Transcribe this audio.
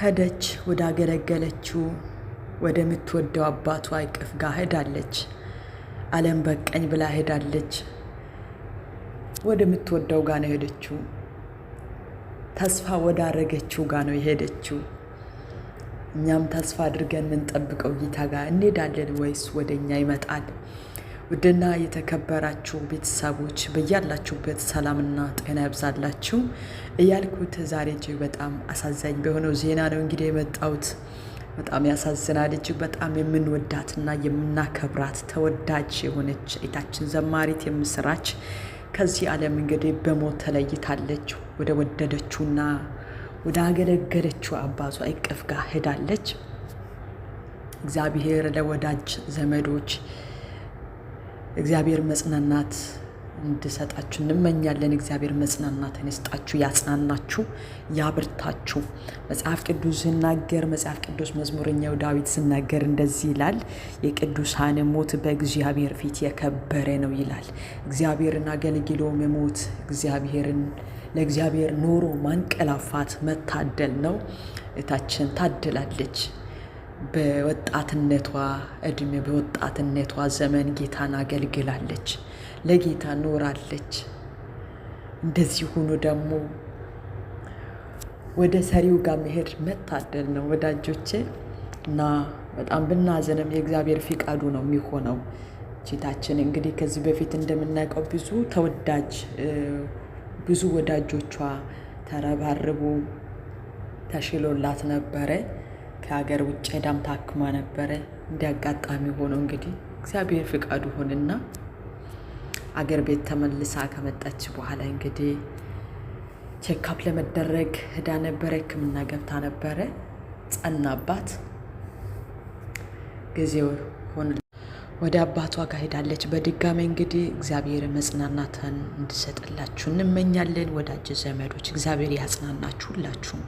ሄደች። ወዳገለገለችው ወደ ምትወደው አባቷ እቅፍ ጋር ሄዳለች። ዓለም በቀኝ ብላ ሄዳለች። ወደ ምትወደው ጋር ነው ሄደችው። ተስፋ ወዳረገችው ጋር ነው የሄደችው። እኛም ተስፋ አድርገን የምንጠብቀው ጌታ ጋር እንሄዳለን ወይስ ወደ እኛ ይመጣል? ውድና የተከበራችሁ ቤተሰቦች በያላችሁበት ሰላምና ጤና ያብዛላችሁ እያልኩት ዛሬ እጅግ በጣም አሳዛኝ በሆነው ዜና ነው እንግዲህ የመጣሁት። በጣም ያሳዝናል። እጅግ በጣም የምንወዳትና የምናከብራት ተወዳጅ የሆነች እህታችን ዘማሪት የምስራች ከዚህ ዓለም እንግዲህ በሞት ተለይታለች። ወደ ወደደችውና ወደ አገለገለችው አባቷ እቅፍ ጋር ሄዳለች። እግዚአብሔር ለወዳጅ ዘመዶች እግዚአብሔር መጽናናት እንድሰጣችሁ እንመኛለን። እግዚአብሔር መጽናናትን ይስጣችሁ፣ ያጽናናችሁ፣ ያብርታችሁ። መጽሐፍ ቅዱስ ሲናገር መጽሐፍ ቅዱስ መዝሙረኛው ዳዊት ሲናገር እንደዚህ ይላል፣ የቅዱሳን ሞት በእግዚአብሔር ፊት የከበረ ነው ይላል። እግዚአብሔርን አገልግሎ መሞት እግዚአብሔርን ለእግዚአብሔር ኖሮ ማንቀላፋት መታደል ነው። እታችን ታድላለች። በወጣትነቷ እድሜ በወጣትነቷ ዘመን ጌታን አገልግላለች፣ ለጌታ ኖራለች። እንደዚህ ሆኖ ደግሞ ወደ ሰሪው ጋር መሄድ መታደል ነው ወዳጆቼ እና በጣም ብናዘንም የእግዚአብሔር ፍቃዱ ነው የሚሆነው። ቼታችን እንግዲህ ከዚህ በፊት እንደምናውቀው ብዙ ተወዳጅ ብዙ ወዳጆቿ ተረባርቦ ተሽሎላት ነበረ። ከሀገር ውጭ ሄዳም ታክማ ነበረ። እንደ አጋጣሚ እንግዲህ እግዚአብሔር ፍቃዱ ሆንና አገር ቤት ተመልሳ ከመጣች በኋላ እንግዲህ ቼካፕ ለመደረግ ሄዳ ነበረ። ሕክምና ገብታ ነበረ። ጸናባት ጊዜ ሆን ወደ አባቷ ጋር ሄዳለች። በድጋሚ እንግዲህ እግዚአብሔር መጽናናትን እንድሰጥላችሁ እንመኛለን። ወዳጅ ዘመዶች እግዚአብሔር ያጽናናችሁ ሁላችሁም።